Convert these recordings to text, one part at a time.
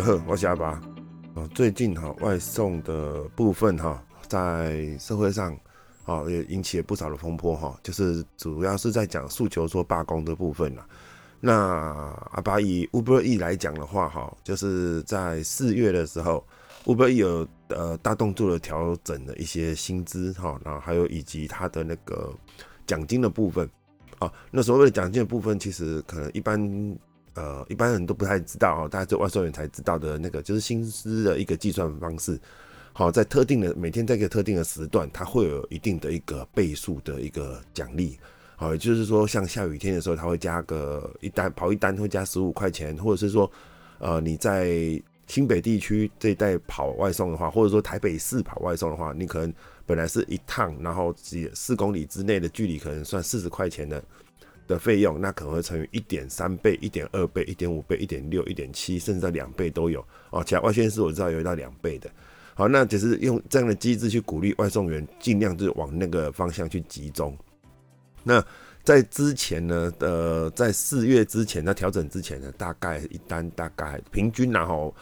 好，我是阿拔，啊，最近哈外送的部分哈，在社會上啊也引起了不少的風波哈，就是主要是在講訴求說罷工的部分。那阿拔以 Uber E 來講的話哈，就是在四月的時候，Uber E 有呃大動作的調整了一些薪資哈，然後還有以及它的那個獎金的部分啊。那所謂的獎金的部分，其實可能一般。呃，一般人都不太知道，哈，大家做外送員才知道的那個，就是薪資的一個計算方式。好，在特定的每天在一個特定的時段，它會有一定的一個倍數的一個獎勵。好，也就是說，像下雨天的時候，它會加個一單，跑一單會加十五塊錢，或者是說，呃，你在新北地區這一帶跑外送的話，或者說台北市跑外送的話，你可能本來是一趟，然後四四公里之內的距離可能算四十塊錢的的費用，那可能會乘以一點三倍、一點二倍、一點五倍、一點六、一點七，甚至到兩倍都有哦。其他外縣市我知道有一到兩倍的。好，那只是用這樣的機制去鼓勵外送員盡量就往那個方向去集中。那在之前呢，呃，在四月之前，那調整之前呢，大概一單大概平均，然後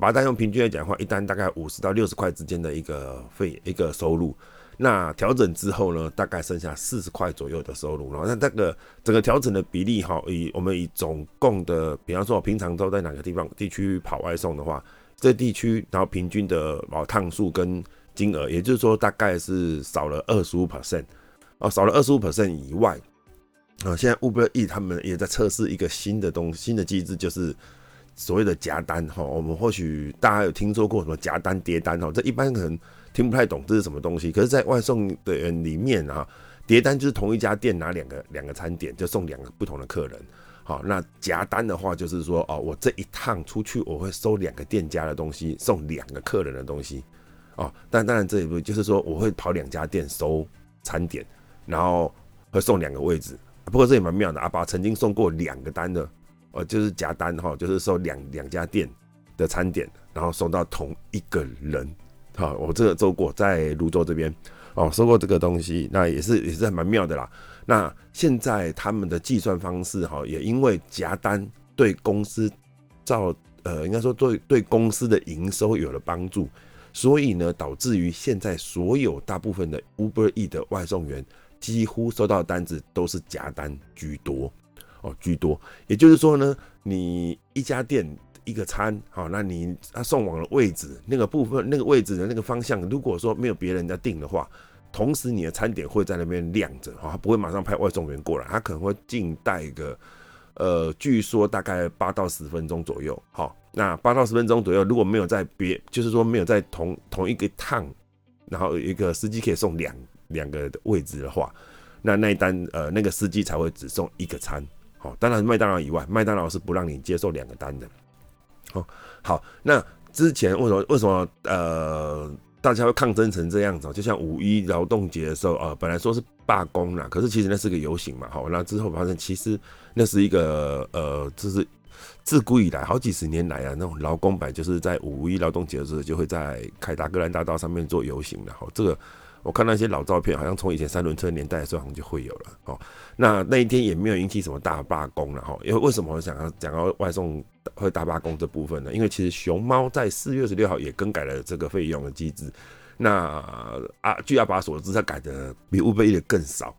把它用平均來講的話，一單大概五十到六十塊之間的一個費一個收入。那調整之後呢，大概剩下四十塊左右的收入。然後那這個整個調整的比例哈，以我們以總共的，比方說我平常都在哪個地方地區跑外送的話，這個、地區然後平均的然、喔、趟數跟金額，也就是說大概是少了二十五 percent，哦，少了二十五 percent 以外，啊、喔，現在 Uber E 他們也在測試一個新的東西新的機制，就是所謂的夾單哈、喔。我們或許大家有聽說過什麼夾單疊單哦、喔，這一般可能。聽不太懂這是什麼東西，可是，在外送的人裡面啊，疊單就是同一家店拿兩個兩個餐點就送兩個不同的客人。好，那夾單的話就是說，哦，我這一趟出去我會收兩個店家的東西，送兩個客人的東西。哦，但當然這也不，就是說我會跑兩家店收餐點，然後會送兩個位置。不過這也蠻妙的，阿拔曾經送過兩個單的，呃、就是，就是夾單哈，就是收兩兩家店的餐點，然後送到同一個人。好，我這個做過，在蘆洲這邊哦，收過這個東西，那也是也是蠻妙的啦。那現在他們的計算方式，哈，也因為夾單對公司造，呃，應該說，對對公司的營收有了幫助，所以呢，導致於現在所有大部分的 Uber E 的外送員，幾乎收到單子都是夾單居多，哦，居多。也就是說呢，你一家店。一個餐好，那你他送往的位置那個部分，那個位置的那個方向，如果說沒有別人在訂的話，同時你的餐點會在那邊晾着，他不會馬上派外送員過來，他可能會靜待一個，呃，據說大概八到十分鐘左右，好，那八到十分鐘左右，如果沒有在別，就是說沒有在同同一個趟，然後一個司機可以送兩兩個的位置的話，那那一單，呃，那個司機才會只送一個餐，好，當然麥當勞以外，麥當勞是不讓你接受兩個單的。哦，好，那之前為什麼為什麼呃大家會抗爭成這樣子，就像五一勞動節的時候啊，呃，本來說是罷工啦，可是其實那是個遊行嘛。好，那之後發現其實那是一個呃，就是自古以來好幾十年來啊，那種勞工版就是在五一勞動節的時候，就會在凱達格蘭大道上面做遊行，然後這個。我看那些老照片，好像從以前三輪車年代的時候，好像就會有了哦。那那一天也沒有引起什麼大罷工了、啊、哈。因為為什麼我想要講到外送會大罷工這部分呢？因為其實熊貓在四月二十六號也更改了這個費用的機制。那啊，據阿拔所知，他改的比 Uber Eats 的更少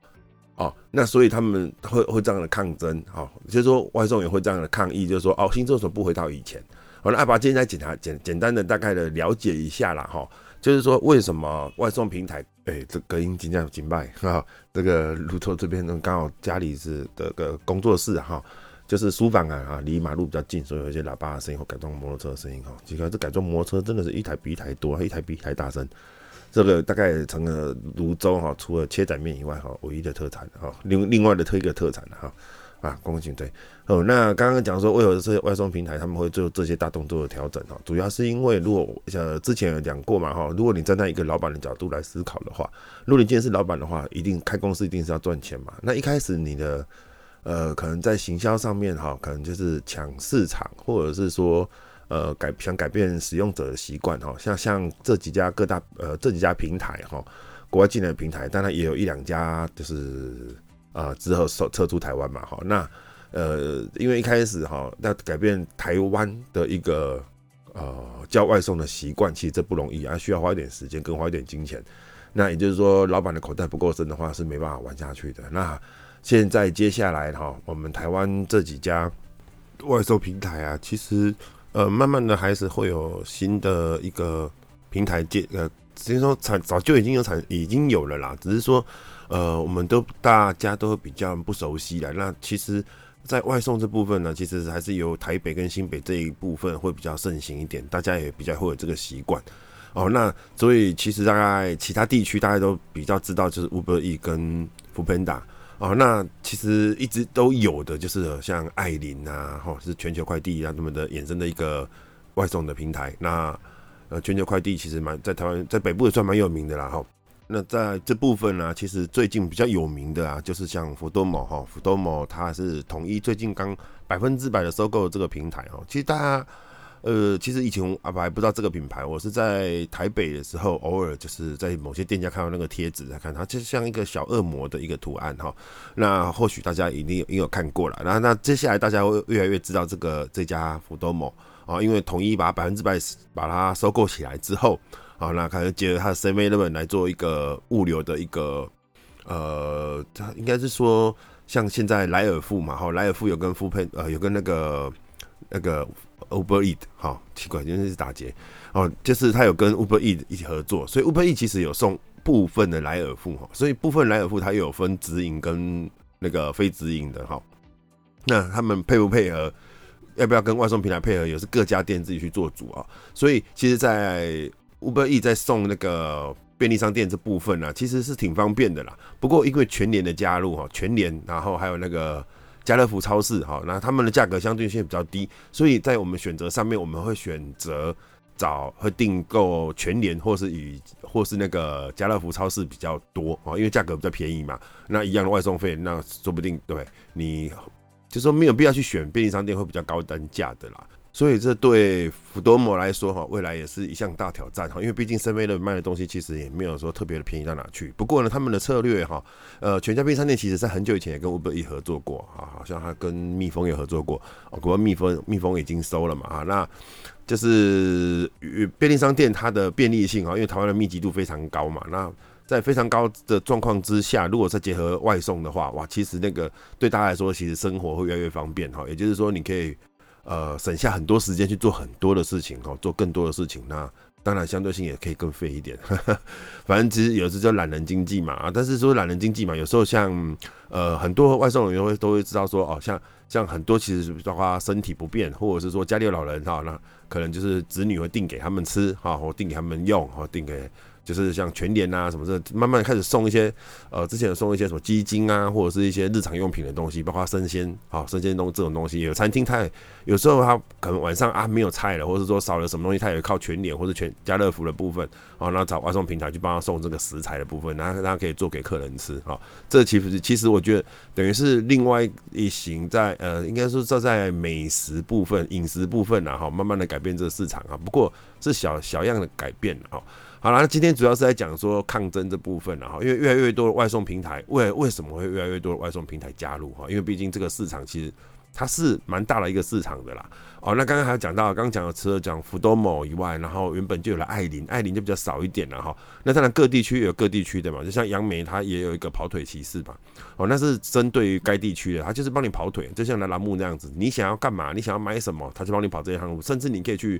哦。那所以他們會會這樣的抗爭啊、哦，就是說外送也會這樣的抗議，就是說哦，新政策不回到以前。好了，那阿拔今天來檢查簡簡單的大概的了解一下了哈。哦就是說，為什麼外送平台哎、欸，這隔音盡量緊敗哈？這個蘆洲這邊呢，剛好家裡是的，個工作室哈，就是書房啊哈，離馬路比較近，所以有一些喇叭的聲音和改裝摩托車的聲音哈。這個這改裝摩托車真的是一台比一台多，一台比一台大聲。這個大概成了蘆洲哈，除了切仔麵以外哈，唯一的特產哈。另另外的特一個特產哈。啊，公共性對，哦，那剛剛講說，為何這些外送平台他們會做這些大動作的調整哦？主要是因為，如果呃之前有講過嘛哈，如果你站在一個老闆的角度來思考的話，如果你今天是老闆的話，一定開公司一定是要賺錢嘛。那一開始你的呃，可能在行銷上面哈，可能就是搶市場，或者是說呃改想改變使用者的習慣哈，像像這幾家各大呃這幾家平台哈，國外進來的平台，當然也有一兩家就是。啊、呃，之後撤撤出台灣嘛，好、哦，那呃，因為一開始哈，要、哦、改變台灣的一個呃叫外送的習慣，其實這不容易，啊，需要花一點時間，跟花一點金錢。那也就是說，老板的口袋不夠深的話，是沒辦法玩下去的。那現在接下來哈、哦，我們台灣這幾家外送平台啊，其實呃，慢慢的還是會有新的一個平台接呃，只是說，產早就已經有產已經有了啦，只是說。呃，我們都大家都會比較不熟悉啦。那其實，在外送這部分呢，其實還是由台北跟新北這一部分會比較盛行一點，大家也比較會有這個習慣。哦，那所以其實大概其他地區大家都比較知道，就是 Uber E 跟 Foodpanda 哦。那其實一直都有的，就是像艾琳啊，哈，是全球快遞啊，他們的衍生的一個外送的平台。那呃，全球快遞其實蠻在台灣在北部也算蠻有名的啦，哈。那在這部分呢、啊，其實最近比較有名的啊，就是像福多摩哈，福多摩它是統一最近剛百分之百的收購這個平台哈、哦。其實大家，呃，其實以前啊我還不知道這個品牌，我是在台北的時候偶爾就是在某些店家看到那個貼紙才看它，就是像一個小惡魔的一個圖案哈、哦。那或許大家一定也有看過了，然後那，那接下來大家會越來越知道這個這家福多摩啊，因為統一把百分之百把它收購起來之後。好，那可能結合他的 s m e level 來做一個物流的一個，呃，他應該是說像現在萊爾富嘛，哈，萊爾富有跟富配，呃，有跟那個那個 Uber Eat 哈，奇怪，真的是打結哦，就是他有跟 Uber Eat 一起合作，所以 Uber Eat 其實有送部分的萊爾富哈，所以部分萊爾富它又有分直營跟那個非直營的哈，那他們配不配合，要不要跟外送平台配合，也是各家店自己去做主啊，所以其實，在 Uber Eats 在送那個便利商店這部分呢、啊，其實是挺方便的啦。不過因為全聯的加入哈，全聯，然後還有那個家樂福超市哈，那他們的價格相對性比較低，所以在我們選擇上面，我們會選擇找會訂購全聯或是與或是那個家樂福超市比較多啊，因為價格比較便宜嘛。那一樣的外送費，那說不定對你就說沒有必要去選便利商店會比較高單價的啦。所以這對福多摩來說哈，未來也是一項大挑戰哈，因為畢竟森威的賣的東西其實也沒有說特別的便宜到哪去。不過呢，他們的策略哈，呃，全家便利商店其實，在很久以前也跟 Uber E 合作過啊，好像還跟蜜蜂也合作過。不過蜜蜂蜜蜂已經收了嘛啊，那就是與便利商店它的便利性，因為台灣的密集度非常高嘛，那在非常高的狀況之下，如果再結合外送的話，哇，其實那個對大家來說，其實生活會越來越方便哈，也就是說你可以。呃，省下很多時間去做很多的事情哈，做更多的事情，那當然相對性也可以更費一點。 反正其實有時叫懶人經濟嘛，但是說懶人經濟嘛，有時候像呃很多外送人員會都會知道說哦，像像很多其實的話身體不便，或者是說家裡有老人哈、哦，那可能就是子女會訂給他們吃哈，或、哦、訂給他們用，或、哦、訂給。就是像全聯啊什麼的，慢慢開始送一些，呃，之前送一些什麼基金啊，或者是一些日常用品的東西，包括生鮮啊、哦，生鮮東這種東西。有餐廳，它有時候它可能晚上啊沒有菜了，或者是說少了什麼東西，它也靠全聯或者全家樂福的部分，哦，然後找外送平台去幫他送這個食材的部分，然後他可以做給客人吃啊、哦。這其實其實我覺得等於是另外一行在呃，應該說這在美食部分、飲食部分然、啊、後、哦、慢慢的改變這個市場啊、哦，不過是小小樣的改變啊。哦好啦，今天主要是在講說抗爭這部分了、啊、哈，因為越來越多的外送平台，為為什麼會越來越多的外送平台加入哈？因為畢竟這個市場其實它是蠻大的一個市場的啦。哦，那剛剛還有講到，剛剛講了除了講 Foodomo 以外，然後原本就有了艾琳，艾琳就比較少一點了、啊、哈。那當然各地區有各地區的嘛，就像楊梅它也有一個跑腿騎士吧。哦，那是針對於該地區的，它就是幫你跑腿，就像蘭蘭木那樣子，你想要幹嘛，你想要買什麼，它就幫你跑這些趟路，甚至你可以去。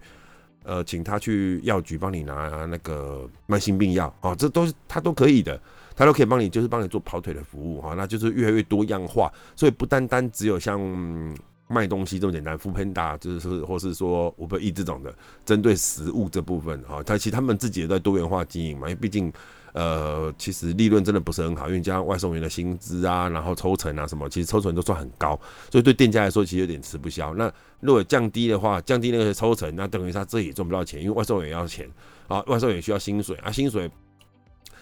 呃，請他去藥局幫你拿那個慢性病藥啊、哦，這都是他都可以的，他都可以幫你，就是幫你做跑腿的服務哈、哦，那就是越來越多樣化，所以不單單只有像、嗯、賣東西這麼簡單，foodpanda，就是或是說 Uber Eats 這種的，針對食物這部分哈，他、哦、其實他們自己也在多元化經營嘛，因為畢竟。呃，其實利潤真的不是很好，因為加上外送員的薪資啊，然後抽成啊什麼，其實抽成都算很高，所以對店家來說其實有點吃不消。那如果降低的話，降低那個抽成，那等於他自己也賺不到錢，因為外送員也要錢啊，外送員也需要薪水啊薪水，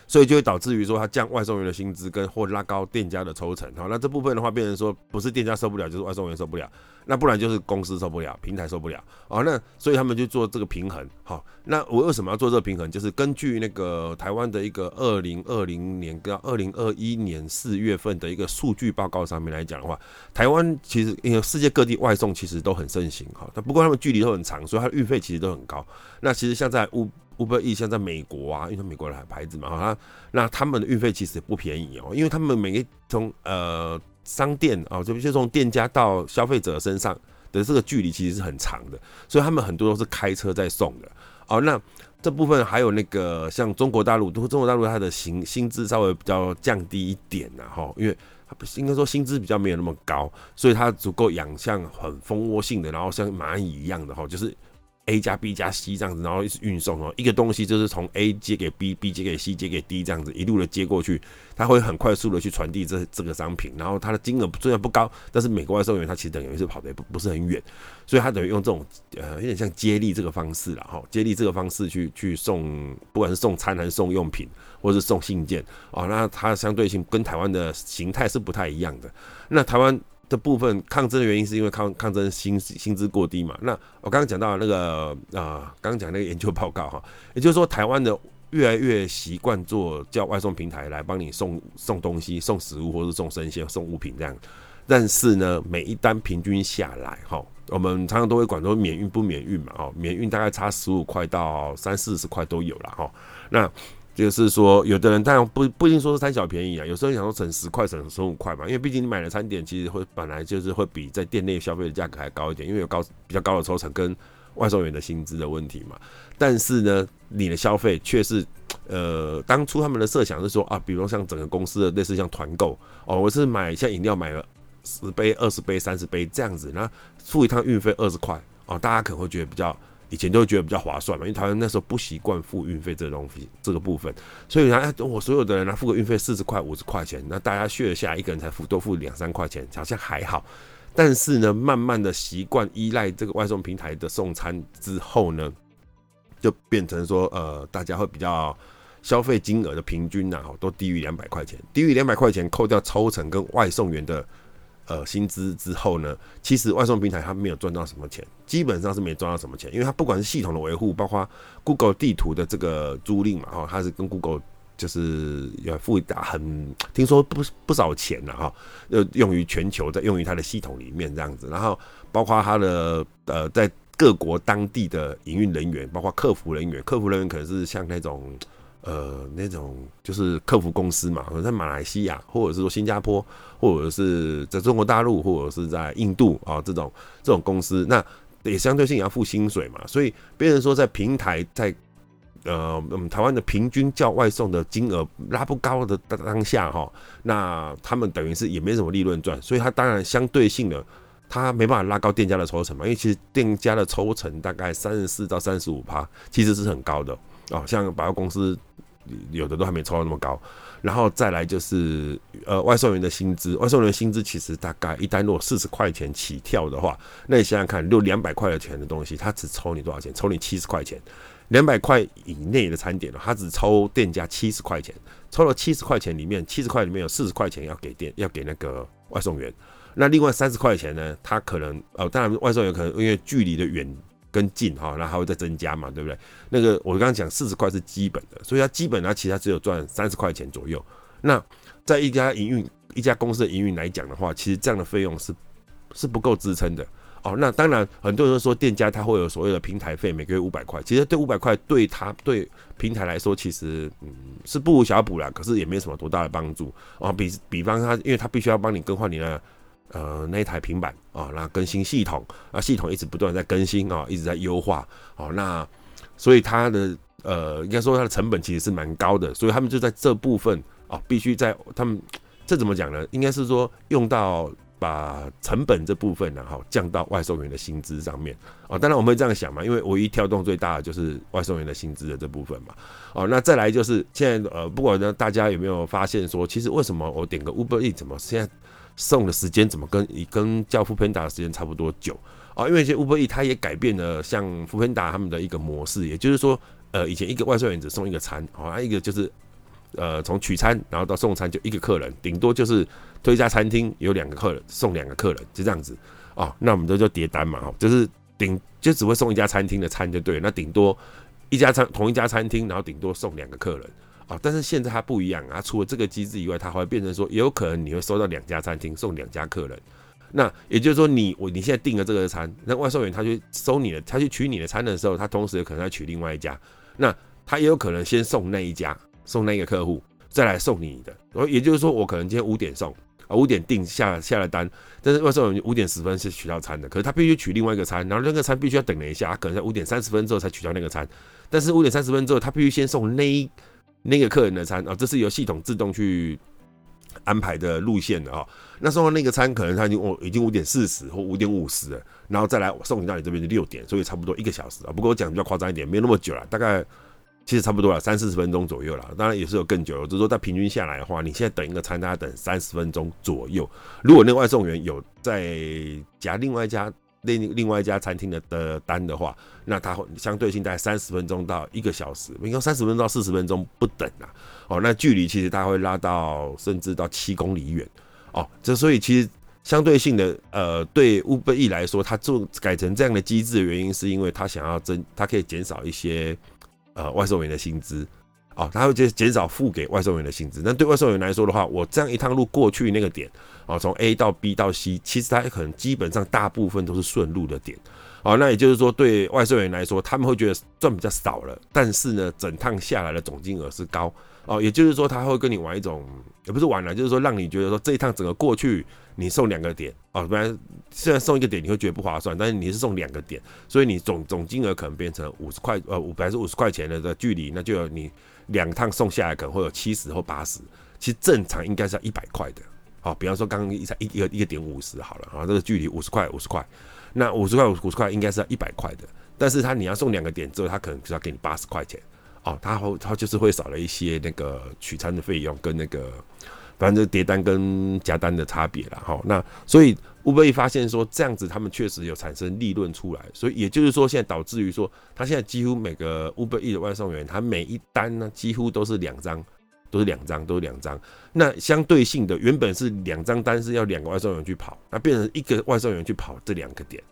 所以就會導致於說他降外送員的薪資跟或拉高店家的抽成。好，那這部分的話變成說不是店家受不了，就是外送員受不了。那不然就是公司受不了，平台受不了哦。那所以他們就做這個平衡，好、哦。那我為什麼要做這個平衡？就是根據那個台灣的一個二零二零年跟二零二一年四月份的一個數據報告上面來講的話，台灣其實因為世界各地外送其實都很盛行，哈、哦，不過他們距離都很長，所以它的運費其實都很高。那其實像在 Uber、e 像在美國啊，因為美國的牌子嘛，哈、哦，那他們的運費其實也不便宜哦，因為他們每一從呃。商店哦，就就從店家到消費者身上的這個距離其實是很長的，所以他們很多都是開車在送的。哦，那這部分還有那個像中國大陸，都中國大陸它的薪薪資稍微比較降低一點的哈，因為它不是應該說薪資比較沒有那麼高，所以它足夠養像很蜂窩性的，然後像螞蟻一樣的哈，就是。A 加 B 加 C 這樣子，然後一直運送哦，一個東西就是從 A 接給 B，B 接給 C，接給 D 這樣子一路的接過去，它會很快速的去傳遞這這個商品，然後它的金額雖然不高，但是美國外送員他其實等於是跑得也不不是很遠，所以他等於用這種呃有點像接力這個方式了哈，接力這個方式去去送不管是送餐還是送用品，或者是送信件哦，那它相對性跟台灣的形態是不太一樣的，那台灣的部分，抗爭的原因是因為抗抗爭薪薪資過低嘛。那我剛剛講到那個啊，剛剛講那個研究報告哈，也就是說台灣的越來越習慣做叫外送平台來幫你送送東西、送食物或是送生鮮、送物品這樣，但是呢，每一單平均下來哈，我們常常都會管說免運不免運嘛，哦，免運大概差十五塊到三四十塊都有啦哈，那。就是說，有的人當然不不一定說是貪小便宜啊，有時候想說省十塊、省十五塊嘛。因為畢竟你買的餐點其實會本來就是會比在店內消費的價格還高一點，因為有高比較高的抽成跟外送員的薪資的問題嘛。但是呢，你的消費卻是，呃，當初他們的設想是說啊，比如說像整個公司的類似像團購哦，我是買像飲料買了十杯、二十杯、三十杯這樣子，那付一趟運費二十塊哦，大家可能會覺得比較。以前都會覺得比較划算嘛，因為台灣那時候不習慣付運費這個東西這個部分，所以呢，等我所有的人來付個運費四十塊五十塊錢，那大家 share 下，一個人才付多付兩三塊錢，好像還好。但是呢，慢慢的習慣依賴這個外送平台的送餐之後呢，就變成說，呃，大家會比較消費金額的平均呢，啊，都低於兩百塊錢，低於兩百塊錢，扣掉抽成跟外送員的。呃，薪資之後呢，其實外送平台它沒有賺到什麼錢，基本上是沒賺到什麼錢，因為它不管是系統的維護，包括 Google 地圖的這個租賃嘛，哈，它是跟 Google 就是要付一大很，聽說不不少錢了、啊、哈，要用於全球在用於它的系統裡面這樣子，然後包括它的呃在各國當地的營運人員，包括客服人員，客服人員可能是像那種。呃，那種就是客服公司嘛，在馬來西亞，或者是說新加坡，或者是在中國大陸，或者是在印度啊、哦，這種這種公司，那也相對性也要付薪水嘛，所以別人說在平台在呃，我們台灣的平均叫外送的金額拉不高的當當下哈、哦，那他們等於是也沒什麼利潤賺，所以他當然相對性的他沒辦法拉高店家的抽成嘛，因為其實店家的抽成大概三十四到三十五趴，其實是很高的。哦，像百貨公司有的都還沒抽到那麼高，然後再來就是呃外送員的薪資，外送員的薪資其實大概一單如果四十塊錢起跳的話，那你想想看，如果兩百塊的錢的東西，他只抽你多少錢？抽你七十塊錢，兩百塊以內的餐點呢，他只抽店家七十塊錢，抽了七十塊錢裡面，七十塊裡面有四十塊錢要給店，要給那個外送員，那另外三十塊錢呢，他可能呃，當然外送員可能因為距離的遠。跟進哈，然後還會再增加嘛，對不對？那個我剛剛講四十塊是基本的，所以它基本其實它其他只有賺三十塊錢左右。那在一家營運一家公司的營運來講的話，其實這樣的費用是是不夠支撐的哦。那當然很多人都說店家他會有所謂的平台費，每個月五百塊。其實對五百塊對他對平台來說，其實嗯是不無小補啦，可是也沒什麼多大的幫助哦。比比方他，因為他必須要幫你更換你的。呃，那一台平板啊、哦，那更新系統，那、啊、系統一直不斷在更新啊、哦，一直在優化好、哦，那所以它的呃，應該說它的成本其實是蠻高的，所以他們就在這部分啊、哦，必須在他們這怎麼講呢？應該是說用到把成本這部分然後降到外送員的薪資上面啊、哦。當然我們會這樣想嘛，因為唯一跳動最大的就是外送員的薪資的這部分嘛。哦，那再來就是現在呃，不管呢，大家有沒有發現說，其實為什麼我點個 Uber Eats 怎麼現在？送的時間怎麼跟以跟叫 foodpanda 的時間差不多久哦，因為現在 Uber E 它也改變了像 foodpanda 他們的一個模式，也就是說，呃，以前一個外送員只送一個餐，哦、啊，一個就是，呃，從取餐然後到送餐就一個客人，頂多就是推家餐廳有兩個客人送兩個客人就這樣子哦，那我們都叫疊單嘛，哦、就是頂就只會送一家餐廳的餐就對了，那頂多一家餐同一家餐廳，然後頂多送兩個客人。啊、哦！但是現在它不一樣啊，除了這個機制以外，它還會變成說，也有可能你會收到兩家餐廳送兩家客人。那也就是說你，你我你現在訂了這個餐，那外送員他去收你的，他去取你的餐的時候，他同時有可能要取另外一家。那他也有可能先送那一家，送那個客戶，再來送你的。然後也就是說，我可能今天五點送啊，五、哦、點訂下下了單，但是外送員五點十分是取到餐的，可是他必須取另外一個餐，然後那個餐必須要等了一下，他、啊、可能在五點三十分之後才取到那個餐，但是五點三十分之後他必須先送那一。那個客人的餐啊、哦，這是由系統自動去安排的路線的啊、哦。那時候那個餐可能他已經哦，已經五點四十或五點五十了，然後再來送你到你這邊就六點，所以差不多一個小時啊、哦。不過我講比較誇張一點，沒有那麼久了，大概其實差不多了，三四十分鐘左右了。當然也是有更久了，只、就是說在平均下來的話，你現在等一個餐大概等三十分鐘左右。如果那個外送員有在夾另外一家，另另外一家餐廳的的單的話，那它相對性在三十分鐘到一個小時，因為三十分鐘到四十分鐘不等啊，哦，那距離其實它會拉到甚至到七公里遠，哦，這所以其實相對性的呃，對烏貝 e 來說，它做改成這樣的機制的原因，是因為它想要增，它可以減少一些呃外售員的薪資。哦，他會就減少付給外送員的薪資。那對外送員來說的話，我這樣一趟路過去那個點，哦，從 A 到 B 到 C，其實他可能基本上大部分都是順路的點，哦。那也就是說對外送員來說，他們會覺得賺比較少了。但是呢，整趟下來的總金額是高，哦。也就是說他會跟你玩一種，也不是玩了，就是說讓你覺得說這一趟整個過去你送兩個點，哦。不然雖然送一個點你會覺得不划算，但是你是送兩個點，所以你總總金額可能變成五十塊，呃，五百是五十塊錢的的距離，那就要你。兩趟送下來可能會有七十或八十，其實正常應該是要一百塊的。哦，比方說剛剛一才一一個一個點五十好了啊、哦，這個距離五十塊五十塊，那五十塊五十塊應該是要一百塊的，但是他你要送兩個點之後，他可能就要給你八十塊錢哦，他後他就是會少了一些那個取餐的費用跟那個反正就是疊單跟夾單的差別了哈、哦。那所以。Uber Eats 發現說這樣子，他們確實有產生利潤出來，所以也就是說，現在導致於說，他現在幾乎每個 Uber Eats 的外送員，他每一單呢，幾乎都是兩張，都是兩張，都是兩張。那相對性的，原本是兩張單是要兩個外送員去跑，那變成一個外送員去跑這兩個點，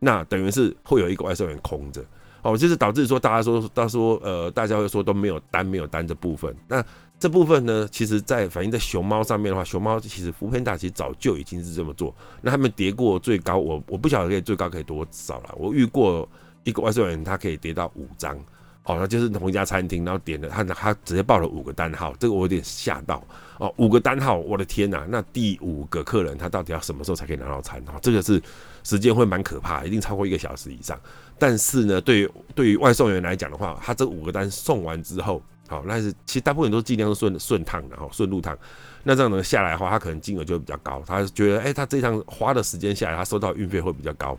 那等於是會有一個外送員空着。哦，就是導致說大家說，到說，呃，大家會說都沒有單，沒有單的部分。那這部分呢，其實在，在反映在熊貓上面的話，熊貓其實 foodpanda 其實早就已經是這麼做。那他們疊過最高，我我不曉得可以最高可以多少啦。我遇過一個外送員，他可以疊到五張。哦，他就是同一家餐廳，然後點了他，他直接報了五個單號，這個我有點嚇到哦，五個單號，我的天哪、啊！那第五個客人他到底要什麼時候才可以拿到餐？哦，這個是時間會蠻可怕，一定超過一個小時以上。但是呢，對於對於外送員來講的話，他這五個單送完之後，好、哦，那是其實大部分都盡量是順順趟的哈、哦，順路趟。那這樣能下來的話，他可能金額就會比較高。他覺得，哎，他這一趟花的時間下來，他收到運費會比較高。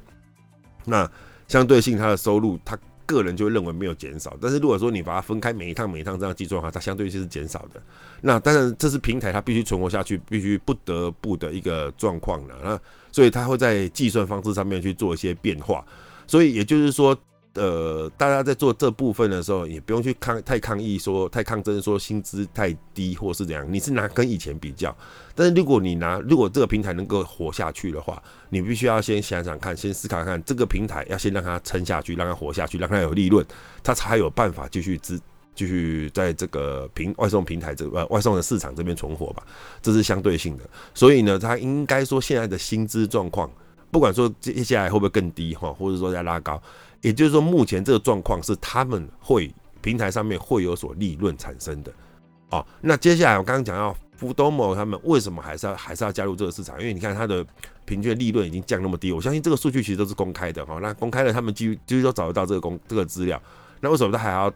那相對性，他的收入他，個人就會認為沒有減少，但是如果說你把它分開，每一趟、每一趟這樣計算的話，它相對是減少的。那當然這是平台，它必須存活下去，必須不得不的一個狀況了。那所以它會在計算方式上面去做一些變化。所以也就是說。呃，大家在做這部分的時候，也不用去抗太抗議說，說太抗爭，說薪資太低，或是怎樣。你是拿跟以前比較，但是如果你拿，如果這個平台能夠活下去的話，你必須要先想想看，先思考看這個平台要先讓它撐下去，讓它活下去，讓它有利潤，它才有辦法繼續支，繼續在這個平外送平台這外、呃、外送的市場這邊存活吧。這是相對性的，所以呢，它應該說現在的薪資狀況，不管說接下來會不會更低哈，或者說要拉高。也就是說，目前這個狀況是他們會平台上面會有所利潤產生的，哦，那接下來我剛剛講到，Foodomo 他們為什麼還是要還是要加入這個市場？因為你看他的平均利潤已經降那麼低，我相信這個數據其實都是公開的哈、哦，那公開的他們基幾，幾乎都找得到這個公這個資料，那為什麼他還要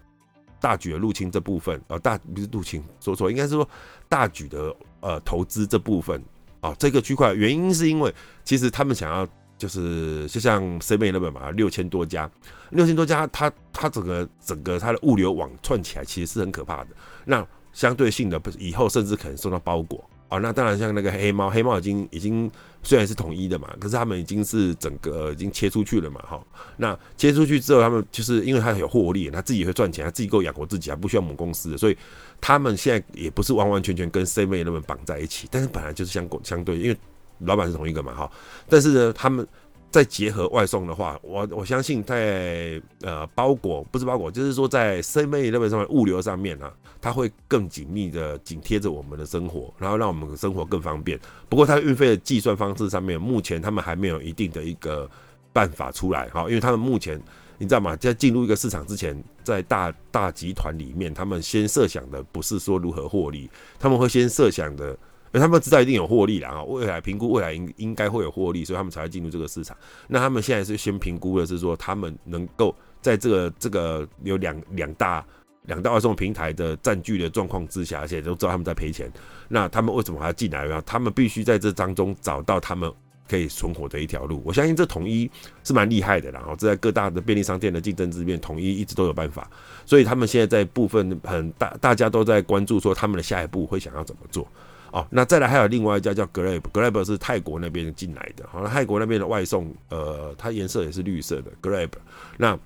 大舉的入侵這部分？啊、哦，大不是入侵，說錯，應該是說大舉的呃投資這部分啊、哦，這個區塊原因是因為其實他們想要。就是就像7-11那邊嘛，六千多家，六千多家他，它它整個整個它的物流網串起來，其實是很可怕的。那相對性的，以後甚至可能送到包裹啊、哦。那當然像那個黑貓，黑貓已經已經雖然是統一的嘛，可是他們已經是整個已經切出去了嘛，哈。那切出去之後，他們就是因為他有獲利，他自己會賺錢，他自己夠養活自己，還不需要母公司的，所以他們現在也不是完完全全跟7-11那邊綁在一起。但是本來就是相相對，因為。老闆是同一個嘛，哈，但是呢，他們再結合外送的話，我我相信在呃包裹不是包裹，就是說在 C M A 那邊上的物流上面啊，它會更緊密的緊貼着我們的生活，然後讓我們的生活更方便。不過它運費的計算方式上面，目前他們還沒有一定的一個辦法出來，哈，因為他們目前你知道嗎，在進入一個市場之前，在大大集團裡面，他們先設想的不是說如何獲利，他們會先設想的。因為他們知道一定有獲利了啊！未來評估未來應應該會有獲利，所以他們才會進入這個市場。那他們現在是先評估的是說，他們能夠在這個這個有兩兩大兩大外送平台的占據的狀況之下，而且都知道他們在賠錢，那他們為什麼還要進來？呢？他們必須在這當中找到他們可以存活的一條路。我相信這統一是蠻厲害的，然後這在各大的便利商店的競爭之間，統一一直都有辦法。所以他們現在在部分很大，大家都在關注說他們的下一步會想要怎麼做。哦，那再來還有另外一家叫 Grab，Grab Grab 是泰國那邊進來的，好像泰國那邊的外送，呃，它顏色也是綠色的 Grab，那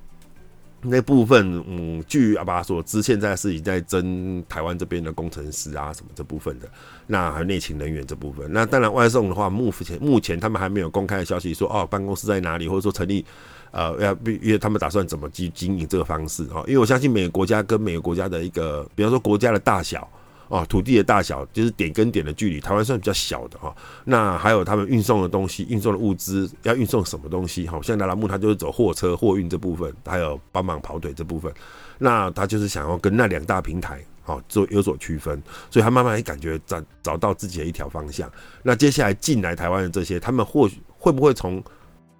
那部分，嗯，據阿拔所知，現在是已在徵台灣這邊的工程師啊什麼這部分的，那還有內勤人員這部分，那當然外送的話，目前目前他們還沒有公開的消息說哦，辦公室在哪裡，或者說成立，呃，要約他們打算怎麼去經營這個方式啊、哦？因為我相信每個國家跟每個國家的一個，比方說國家的大小。哦，土地的大小就是點跟點的距離，台灣算比較小的哈、哦。那還有他們運送的東西，運送的物資要運送什麼東西？好、哦，像達拉木，他就是走貨車貨運這部分，還有幫忙跑腿這部分。那他就是想要跟那兩大平台，好、哦、做有所區分，所以他慢慢也感覺找找到自己的一條方向。那接下來進來台灣的這些，他們或許會不會從？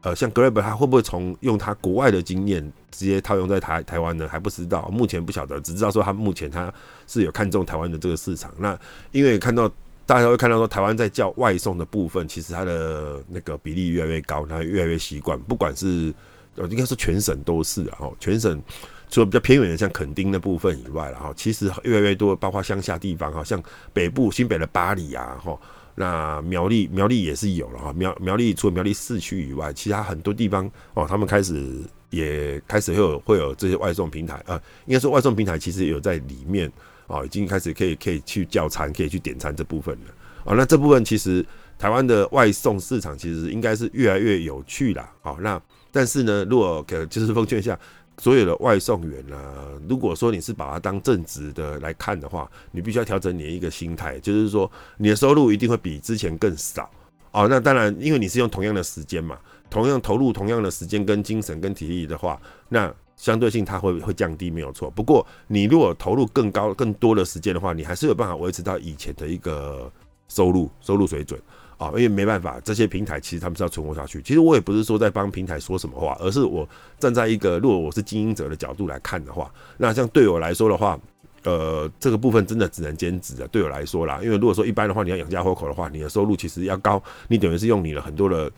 呃，像 Grab 他會不會從用他國外的經驗直接套用在台台灣呢？還不知道，目前不曉得，只知道說他目前他是有看中台灣的這個市場。那因為看到大家會看到說台灣在叫外送的部分，其實它的那個比例越來越高，它越來越習慣。不管是、呃、應該是全省都是啊哈，全省除了比較偏遠的像墾丁的部分以外、啊、其實越來越多，包括鄉下地方哈、啊，像北部新北的八里啊那苗栗，苗栗也是有了哈。苗苗栗除了苗栗市區以外，其他很多地方哦，他們開始也開始會有會有這些外送平台啊、呃。應該說外送平台其實也有在裡面哦，已經開始可以可以去叫餐，可以去點餐這部分了。哦，那這部分其實台灣的外送市場其實應該是越來越有趣啦。哦，那但是呢，如果可就是奉勸一下。所有的外送員呢，啊，如果說你是把它當正職的來看的話，你必須要調整你的一個心態，就是說你的收入一定會比之前更少哦。那當然，因為你是用同樣的時間嘛，同樣投入同樣的時間跟精神跟體力的話，那相對性它會會降低，沒有錯。不過你如果投入更高更多的時間的話，你還是有辦法維持到以前的一個收入收入水準。啊，因為沒辦法，這些平台其實他們是要存活下去。其實我也不是說在幫平台說什麼話，而是我站在一個如果我是經營者的角度來看的話，那像對我來說的話，呃，這個部分真的只能兼職的、啊。對我來說啦，因為如果說一般的話，你要養家活口的話，你的收入其實要高，你等於是用你的很多的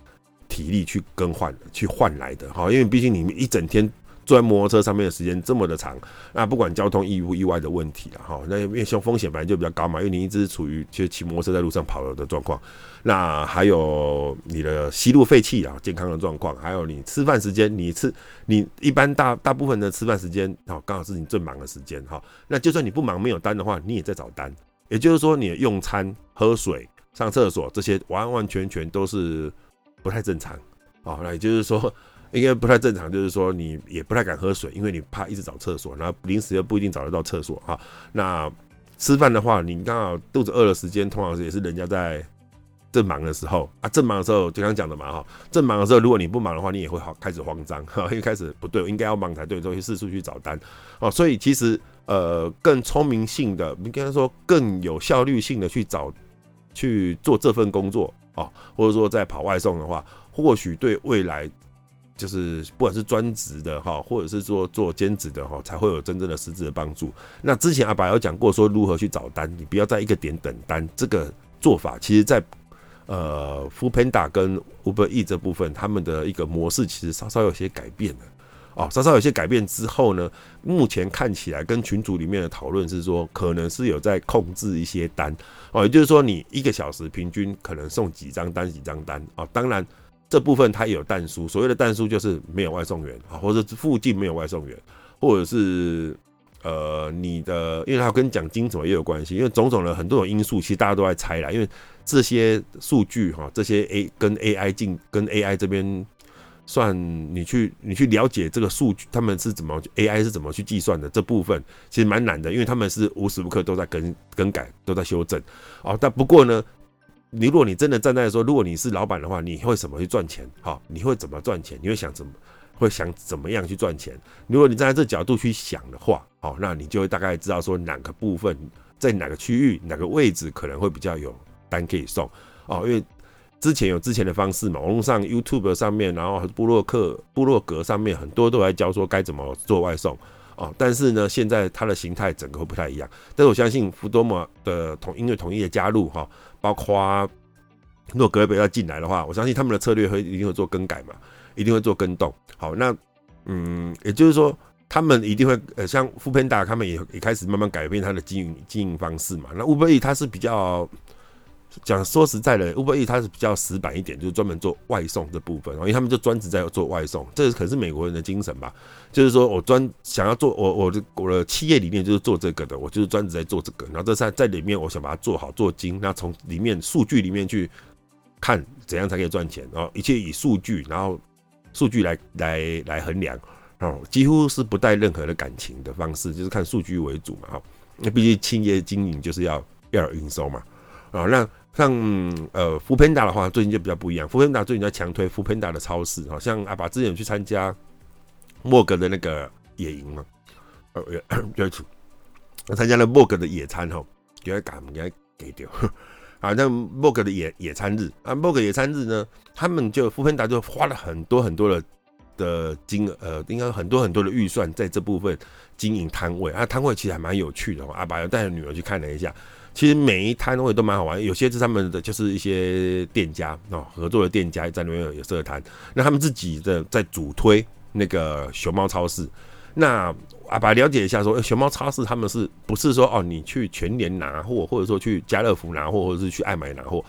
體力去更換、去換來的哈。因為畢竟你們一整天。坐在摩托車上面的時間這麼的長，那不管交通意不意外的問題了哈，那面風險本來就比較高嘛，因為你一直是處於就騎摩托車在路上跑的狀況。那還有你的吸入廢氣啊，健康的狀況，還有你吃飯時間，你吃你一般大大部分的吃飯時間，好剛好是你最忙的時間哈。那就算你不忙沒有單的話，你也在找單，也就是說你的用餐、喝水、上廁所這些，完完全全都是不太正常。那也就是說。應該不太正常，就是說你也不太敢喝水，因為你怕一直找廁所，然後臨時又不一定找得到廁所啊。那吃飯的話，你剛好肚子餓的時間，通常是也是人家在正忙的時候啊。正忙的時候就剛講的嘛哈，正忙的時候，如果你不忙的話，你也會好開始慌張，一、啊、開始不對，我應該要忙才對，所以四處去找單哦、啊，所以其實呃，更聰明性的，應該說更有效率性的去找去做這份工作啊，或者說在跑外送的話，或許對未來。就是不管是專職的哈，或者是說做，做兼職的哈，才會有真正的實質的幫助。那之前阿拔有講過，說如何去找單，你不要在一個點等單，這個做法其實在，在呃 foodpanda 跟 Uber Eats 這部分他們的一個模式，其實稍稍有些改變了哦，稍稍有些改變之後呢，目前看起來跟群組裡面的討論是說，可能是有在控制一些單哦，也就是說你一個小時平均可能送幾張單，幾張單哦，當然。這部分它也有但書，所謂的但書就是沒有外送員啊，或者是附近沒有外送員，或者是呃，你的，因為它跟獎金怎麼也有關係，因為種種的很多種因素，其實大家都在猜啦，因為這些數據哈，這些 A 跟 AI 進跟 AI 這邊算，你去你去了解這個數據，他們是怎麼 AI 是怎麼去計算的這部分其實蠻難的，因為他們是無時無刻都在更更改都在修正哦，但不過呢。你如果，你真的站在說，如果你是老闆的話，你會怎麼去賺錢？哈，你會怎麼賺錢？你會想怎麼，會想怎麼樣去賺錢？如果你站在這角度去想的話，哦，那你就會大概知道說哪個部分在哪個區域哪個位置可能會比較有單可以送哦，因為之前有之前的方式嘛，網絡上 YouTube 上面，然後部落客、部落格上面很多都在教說該怎麼做外送。哦，但是呢，現在它的形態整個會不太一樣。但是我相信富多瑪的統一，因為統一的加入哈、哦，包括如果格瑞貝要進來的話，我相信他們的策略，會一定會做更改嘛，一定會做更動。好，那嗯，也就是說他們一定會呃，像富胖達他們也也開始慢慢改變他的經營經營方式嘛。那烏布利他是比較。講說實在的，Uber Eats 它是比較死板一點，就是專門做外送的部分，然後因為他們就專職在做外送，這個、可是美國人的精神吧？就是說我專想要做我我的我的企業裡面就是做這個的，我就是專職在做這個，然後在在裡面我想把它做好做精，那從裡面數據裡面去看怎樣才可以賺錢，然後一切以數據，然後數據來來來衡量，哦，幾乎是不帶任何的感情的方式，就是看數據為主嘛，哦，那畢竟企業經營就是要要營收嘛，啊，那。像呃，foodpanda 的話，最近就比較不一樣。foodpanda 最近在強推 foodpanda 的超市，好像阿拔之前有去參加莫格的那個野營嘛，對、哦、錯？他參加了莫格的野餐哈，有點敢，有點給掉。好、啊，那莫格的野野餐日啊，莫格野餐日呢，他們就 foodpanda 就花了很多很多的的金額，呃，應該很多很多的預算在這部分經營攤位啊，攤位其實還蠻有趣的，阿拔又帶着女兒去看了一下。其實每一攤位都蠻好玩，有些是他們的就是一些店家，哦，合作的店家在那邊有設攤，那他們自己的在主推那個熊貓超市。那阿拔了解一下說，說、欸、熊貓超市他們是不是說哦，你去全聯拿貨，或者說去家樂福拿貨，或者是去愛買拿貨？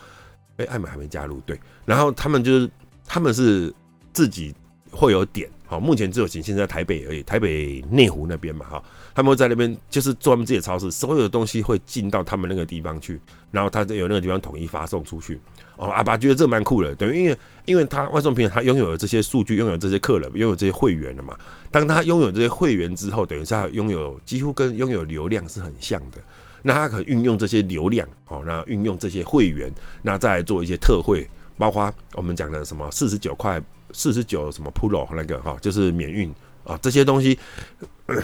哎、欸，愛買還沒加入對。然後他們就是他們是自己會有點好，目前只有僅限在台北而已，台北內湖那邊嘛哈。他們會在那邊就是做他們自己的超市，所有的東西會進到他們那個地方去，然後他就有那個地方統一發送出去。哦，阿拔覺得這蠻酷的，等於因為因為他外送平台，他擁有這些數據，擁有這些客人，擁有這些會員了嘛？當他擁有這些會員之後，等於他擁有幾乎跟擁有流量是很像的。那他可運用這些流量，哦，那運用這些會員，那再做一些特惠，包括我們講的什麼四十九塊、四十九什麼 promo 那個哈、哦，就是免運啊、哦，這些東西。咳咳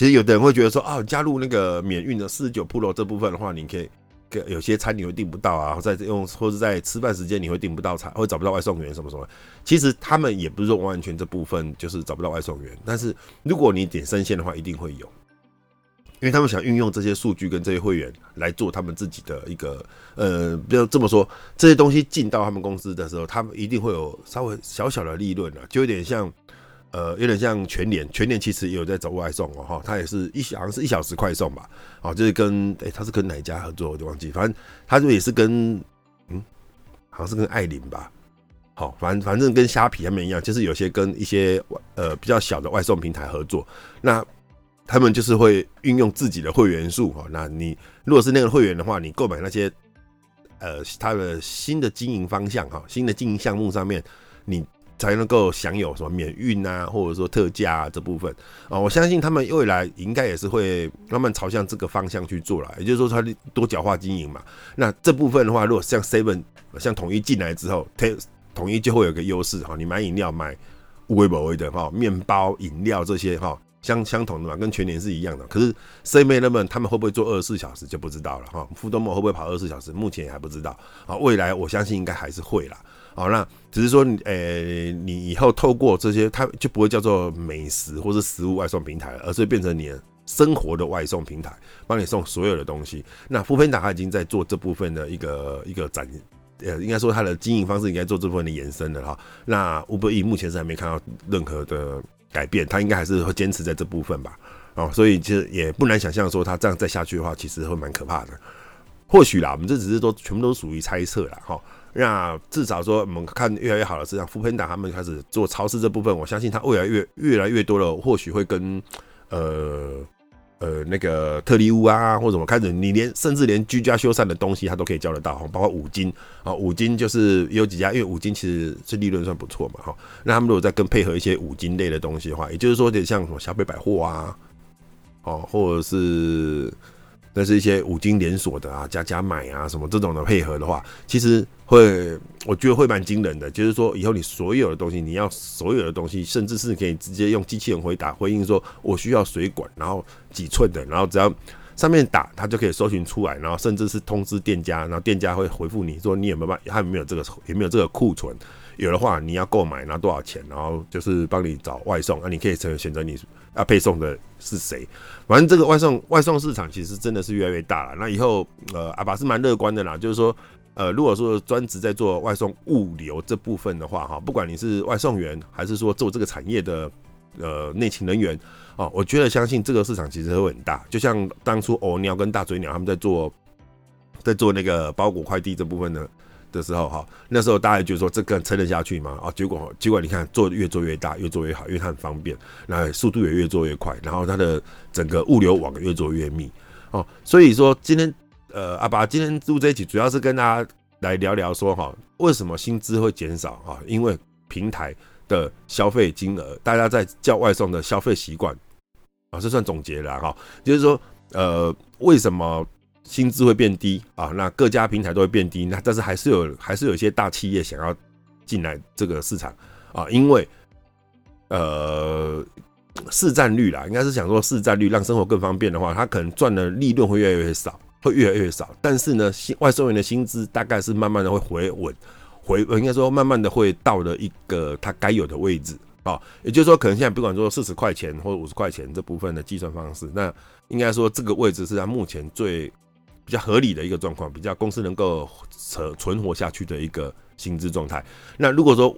其實有的人會覺得說啊、哦，加入那個免運的四十九 pro 這部分的話，你可以給有些餐你會訂不到啊，或者在用或者在吃飯時間你會訂不到餐，或者找不到外送員什麼什麼。其實他們也不是說完全這部分就是找不到外送員，但是如果你點生鮮的話，一定會有，因為他們想運用這些數據跟這些會員來做他們自己的一個呃，不要這麼說，這些東西進到他們公司的時候，他們一定會有稍微小小的利潤啊，就有點像。呃，有點像全聯，全聯其實也有在走外送哦，哈，它也是一小好像是一小時快送吧，哦，就是跟哎、欸，它是跟哪家合作我就忘記，反正它就也是跟嗯，好像是跟艾琳吧，好、哦，反正反正跟蝦皮他們一樣，就是有些跟一些呃比較小的外送平台合作，那他們就是會運用自己的會員數哦，那你如果是那個會員的話，你購買那些呃他的新的經營方向哈、哦，新的經營項目上面，你才能夠享有什麼免運啊，或者說特價啊，這部分啊，哦，我相信他們未來應該也是會慢慢朝向這個方向去做了。也就是說，它多角化經營嘛。那這部分的話，如果像 Seven 像統一進來之後，統一就會有一個優勢哈。你買飲料買烏龜堡威的哈，麵包飲料這些哈，相相同的嘛，跟全年是一樣的。可是 Seven 他們他們會不會做二十四小時就不知道了哈。富都莫會不會跑二十四小時，目前也還不知道啊，哦。未來我相信應該還是會啦。好、哦，那只是說，呃、欸，你以後透過這些，它就不會叫做美食或是食物外送平台了，而是變成你的生活的外送平台，幫你送所有的東西。那 foodpanda 他已經在做這部分的一個一個展，呃，應該說他的經營方式應該做這部分的延伸了哈。那 Uber E 目前是還沒看到任何的改變，他應該還是會堅持在這部分吧。哦，所以其實也不難想象說，他這樣再下去的話，其實會蠻可怕的。或許啦，我們這只是都全部都屬於猜測啦。哈。那至少說，我們看越來越好的是，像富胖達他們開始做超市這部分，我相信他越來越越來越多了，或許會跟呃呃那個特力屋啊，或者什麼開始，你連甚至連居家修繕的東西，他都可以叫得到哈，包括五金啊、哦，五金就是有幾家，因為五金其實是利潤算不錯嘛哈、哦，那他們如果再跟配合一些五金類的東西的話，也就是說，像什麼小北百貨啊，哦，或者是。那是一些五金連鎖的啊，家家買啊，什麼這種的配合的話，其實會，我覺得會蠻驚人的。就是說，以後你所有的東西，你要所有的東西，甚至是可以直接用機器人回答回應，說我需要水管，然後幾寸的，然後只要上面打，它就可以搜尋出來，然後甚至是通知店家，然後店家會回復你說你有沒有辦，他有沒有這個，有沒有這個庫存，有的話你要購買，然後多少錢，然後就是幫你找外送，那、啊、你可以選擇你。啊，配送的是誰？反正這個外送外送市場其實真的是越來越大了。那以後，呃，阿拔是蠻樂觀的啦，就是說，呃，如果說專職在做外送物流這部分的話，哈，不管你是外送員還是說做這個產業的呃內勤人員，哦、呃，我覺得相信這個市場其實會很大。就像當初哦鳥跟大嘴鳥他們在做在做那個包裹快遞這部分呢，的時候哈，那時候大家覺得說這個撐得下去嘛，啊，結果結果你看做越做越大，越做越好，因為它很方便，然後速度也越做越快，然後它的整個物流網越做越密哦。所以說今天呃，阿拔今天錄這一集，主要是跟大家來聊聊說哈，為什麼薪資會減少哈，因為平台的消費金額，大家在叫外送的消費習慣啊，這算總結了哈，就是說呃，為什麼？薪資會變低啊，那各家平台都會變低，那但是還是有還是有一些大企業想要進來這個市場啊，因為呃市占率啦，應該是想說市占率讓生活更方便的話，他可能賺的利潤會越來越少，會越來越少。但是呢，新外送員的薪資大概是慢慢的會回穩，回應該說慢慢的會到了一個他該有的位置啊，也就是說可能現在不管說四十塊錢或者五十塊錢這部分的計算方式，那應該說這個位置是在目前最。比較合理的一個狀況，比較公司能夠存存活下去的一個薪資狀態。那如果說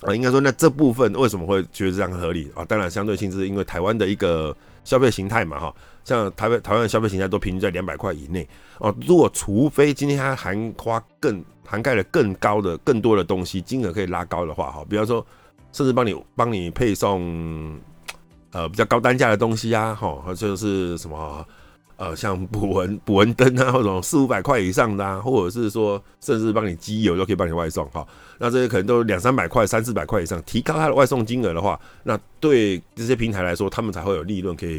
啊，應該說，那這部分為什麼會覺得這樣合理啊？當然，相對性質因為台灣的一個消費形態嘛，哈，像台北台灣的消費形態都平均在兩百塊以內哦、啊。如果除非今天它含花更涵蓋了更高的、更多的東西，金額可以拉高的話，哈、啊，比方說，甚至幫你幫你配送呃比較高單價的東西啊。哈、啊，或、就、者是什麼。呃，像捕蚊捕蚊燈啊，或者四五百塊以上的、啊，或者是說甚至幫你機油都可以幫你外送哈、哦。那這些可能都兩三百塊、三四百塊以上，提高它的外送金額的話，那對這些平台來說，他們才會有利潤可以，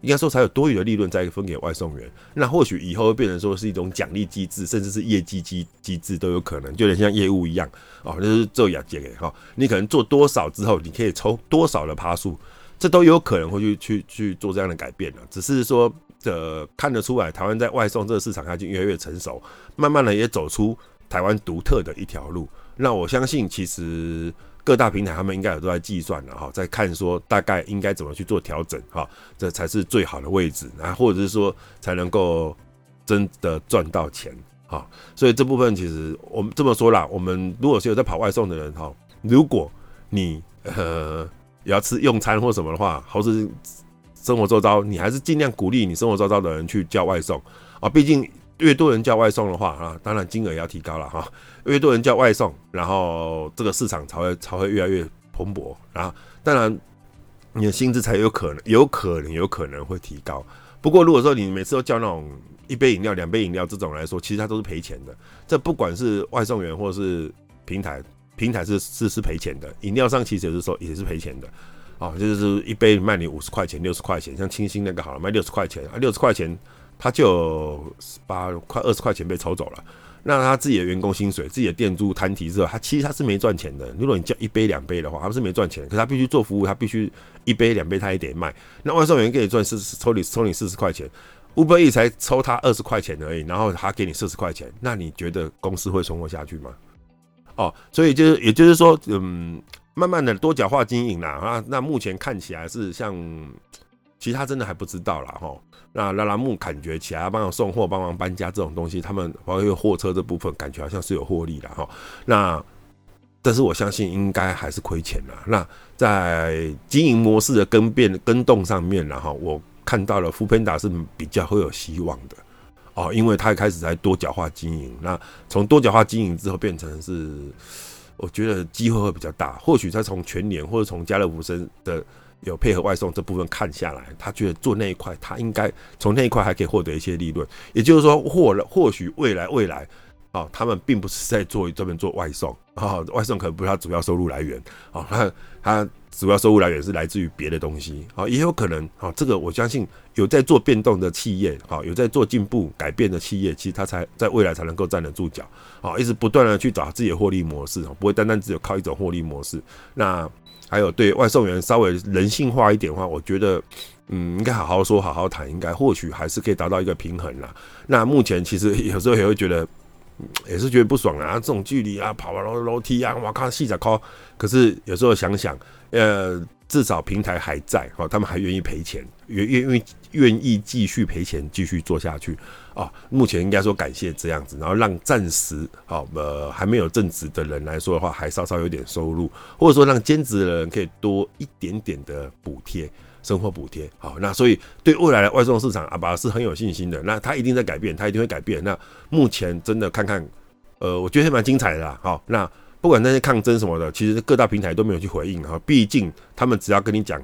應該說才有多餘的利潤再分給外送員。那或許以後會變成說是一種獎勵機制，甚至是業績機機制都有可能，就有點像業務一樣哦，就是做業績的哈。你可能做多少之後，你可以抽多少的趴數，這都有可能會去去去做這樣的改變了，只是說。這、呃、看得出來，台灣在外送這個市場已經越來越成熟，慢慢的也走出台灣獨特的一條路。那我相信，其實各大平台他們應該有都在計算了哈，在看說大概應該怎麼去做調整哈，這才是最好的位置，然、啊、或者是說才能夠真的賺到錢哈。所以這部分其實我們這麼說啦，我們如果是有在跑外送的人哈，如果你呃要吃用餐或什麼的話，或是生活周遭，你還是盡量鼓勵你生活周遭的人去叫外送啊！畢竟越多人叫外送的話啊，當然金額也要提高了哈，啊。越多人叫外送，然後這個市場才會才會越來越蓬勃，啊。當然你的薪資才有可能有可能有可能，有可能會提高。不過如果說你每次都叫那種一杯飲料、兩杯飲料這種來說，其實它都是賠錢的。這不管是外送員或是平台，平台是是是賠錢的，飲料商其實也是說也是賠錢的。哦，就是一杯賣你五十塊錢、六十塊錢，像清新那個好了，賣六十塊錢，啊錢，六十塊錢，他就把快二十塊錢被抽走了。那他自己的員工薪水、自己的店租、攤提之後，他其實他是沒賺錢的。如果你叫一杯兩杯的話，他是沒賺錢。可他必須做服務，他必須一杯兩杯他也得賣。那外送員給你賺四十，抽你抽你四十塊錢，Uber Eats 才抽他二十塊錢而已，然後他給你四十塊錢，那你覺得公司會存活下去嗎？哦，所以就是也就是說，嗯。慢慢的多角化經營啦啊，那目前看起來是像其他真的還不知道啦。哈。那拉拉木感覺起來幫我送貨、幫忙搬家這種東西，他們包括貨車這部分，感覺好像是有獲利的哈。那但是我相信應該還是虧錢了。那在經營模式的更變更動上面了哈，我看到了 Foodpanda 是比較會有希望的哦，因為他一開始在多角化經營。那從多角化經營之後變成是。我覺得機會會比較大，或許他從全聯或者從家樂福生的有配合外送這部分看下來，他覺得做那一塊，他應該從那一塊還可以獲得一些利潤，也就是說，或或許未來未來。未來哦，他們並不是在做專門做外送，啊，外送可能不是他主要收入來源，啊，他他主要收入來源是來自於別的東西，啊，也有可能，啊，這個我相信有在做變動的企業，啊，有在做進步改變的企業，其實他才在未來才能夠站得住腳，啊，一直不斷的去找自己的獲利模式，啊，不會單單只有靠一種獲利模式，那還有對外送員稍微人性化一點的話，我覺得，嗯，應該好好說，好好談，應該或許還是可以達到一個平衡啦。那目前其實有時候也會覺得。也是覺得不爽啊，這種距離啊，跑完樓樓梯啊，哇靠，細腳靠。可是有時候想想，呃，至少平台還在，好，他們還願意賠錢，願願願願意繼續賠錢，繼續做下去啊。哦。目前應該說感謝這樣子，然後讓暫時好，呃，還沒有正職的人來說的話，還稍稍有點收入，或者說讓兼職的人可以多一點點的補貼。生活補貼，好，那所以對未來的外送市場阿拔是很有信心的。那他一定在改變，他一定會改變。那目前真的看看，呃，我覺得還蠻精彩的啦。好，那不管那些抗爭什麼的，其實各大平台都沒有去回應哈。畢竟他們只要跟你講，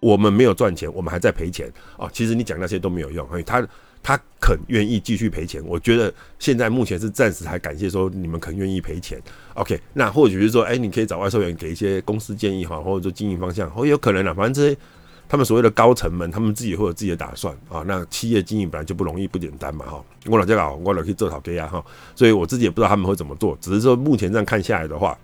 我們沒有賺錢，我們還在賠錢啊。其實你講那些都沒有用，因為他他肯願意繼續賠錢。我覺得現在目前是暫時還感謝說你們肯願意賠錢。OK，那或許是說，哎、欸，你可以找外送員給一些公司建議哈，或者說經營方向，哦有可能啊，反正這些。他們所謂的高層們，他們自己會有自己的打算啊。那企業經營本來就不容易、不簡單嘛，哈、哦。我老家搞，我去老家做好這樣。哈、哦，所以我自己也不知道他們會怎麼做。只是說目前這樣看下來的話，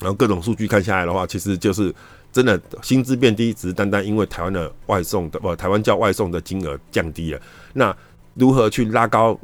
然、啊、後各種數據看下來的話，其實就是真的薪資變低，只是單單因為台灣的外送的不、呃，台灣叫外送的金額降低了。那如何去拉高？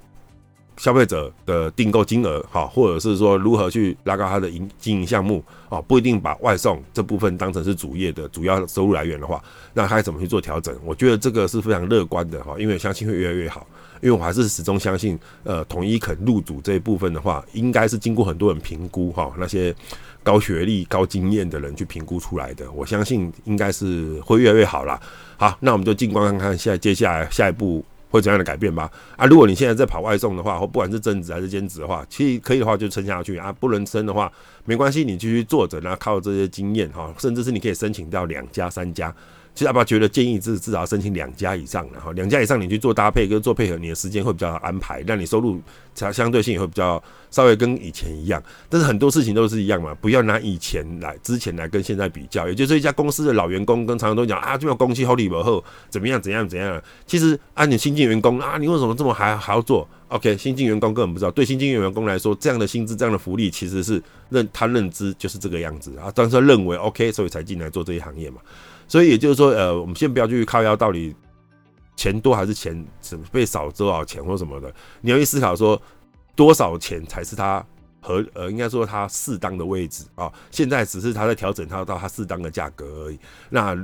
消費者的訂購金額，哈，或者是說如何去拉高他的營經營項目，哦，不一定把外送這部分當成是主業的主要收入來源的話，那他怎麼去做調整？我覺得這個是非常樂觀的，哈，因為我相信會越來越好，因為我還是始終相信，呃，統一肯入主這一部分的話，應該是經過很多人評估，哈，那些高學歷、高經驗的人去評估出來的，我相信應該是會越來越好啦。好，那我們就靜觀看看下接下來下一步。會怎樣的改變吧？啊，如果你現在在跑外送的話，或不管是正職還是兼職的話，其實可以的話就撐下去啊，不能撐的話，沒關係，你繼續做着，那靠這些經驗哈，甚至是你可以申請到兩家、三家。其實阿爸覺得建議至至少要申請兩家以上，然後兩家以上你去做搭配跟做配合，你的時間會比較好安排，讓你收入相相對性也會比較稍微跟以前一樣。但是很多事情都是一樣嘛，不要拿以前來之前來跟現在比較。也就是一家公司的老員工跟常常都講啊，這個公司好，裡邊好，怎麼樣，怎樣怎樣。其實按、啊、你新進員工啊，你為什麼這麼還還要做？OK，新進員工根本不知道。對新進員工來說，這樣的薪資、這樣的福利，其實是認他認知就是這個樣子啊，但是他認為 OK，所以才進來做這些行業嘛。所以也就是說，呃，我們先不要去靠腰到底錢多還是錢什麼被少多少錢或什麼的，你要去思考說多少錢才是它合呃，應該說它適當的位置啊、哦。現在只是它在調整它到它適當的價格而已。那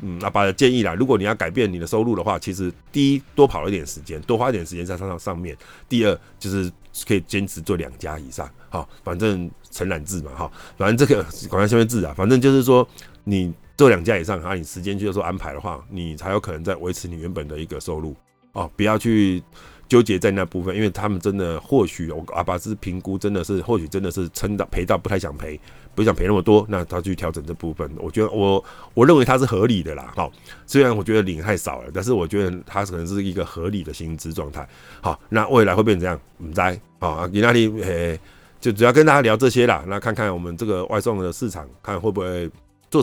嗯，阿拔的建議啦，如果你要改變你的收入的話，其實第一多跑一點時間，多花一點時間在商上上面；第二就是可以兼職做兩家以上，好、哦，反正承攬制嘛，哈、哦，反正這個廣告消費制啊，反正就是說你。做兩家以上啊，你時間去做安排的話，你才有可能再維持你原本的一個收入哦。不要去糾結在那部分，因為他們真的或許我阿拔是評估，真的是或許真的是撐到賠到不太想賠，不想賠那麼多，那他去調整這部分，我覺得我我認為他是合理的啦。好、哦，雖然我覺得領太少了，但是我覺得他可能是一個合理的薪資狀態。好、哦，那未來會變成這樣，唔哉啊！那裡誒，就主要跟大家聊這些啦。那看看我們這個外送的市場，看會不會。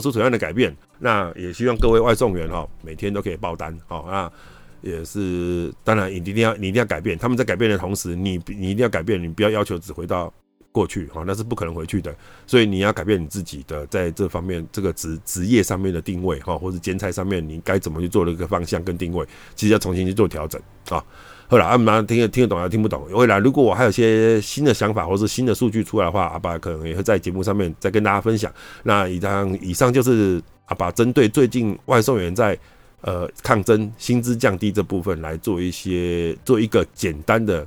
做出怎樣的改變？那也希望各位外送員哈，每天都可以爆單好，那也是當然你一定要你一定要改變。他們在改變的同時，你你一定要改變，你不要要求只回到過去哈，那是不可能回去的。所以你要改變你自己的在這方面這個職職業上面的定位哈，或者兼差上面你該怎麼去做這個方向跟定位，其實要重新去做調整啊。好了，阿、啊、媽聽得聽得懂，還聽不懂。未來如果我還有些新的想法或是新的數據出來的話，阿、啊、爸可能也會在節目上面再跟大家分享。那以上以上就是阿、啊、爸針對最近外送員在呃抗爭、薪資降低這部分來做一些做一個簡單的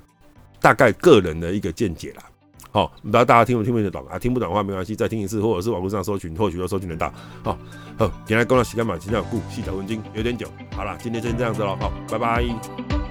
大概個人的一個見解了。好、哦，不知道大家聽不聽不聽懂啊？聽不懂的話沒關係，再聽一次，或者是網絡上搜尋，或許都搜尋得到。好、哦，好，今天工作時間滿，今天有顧細條紋巾有點久。好啦，今天就先這樣子嘍。好，拜拜。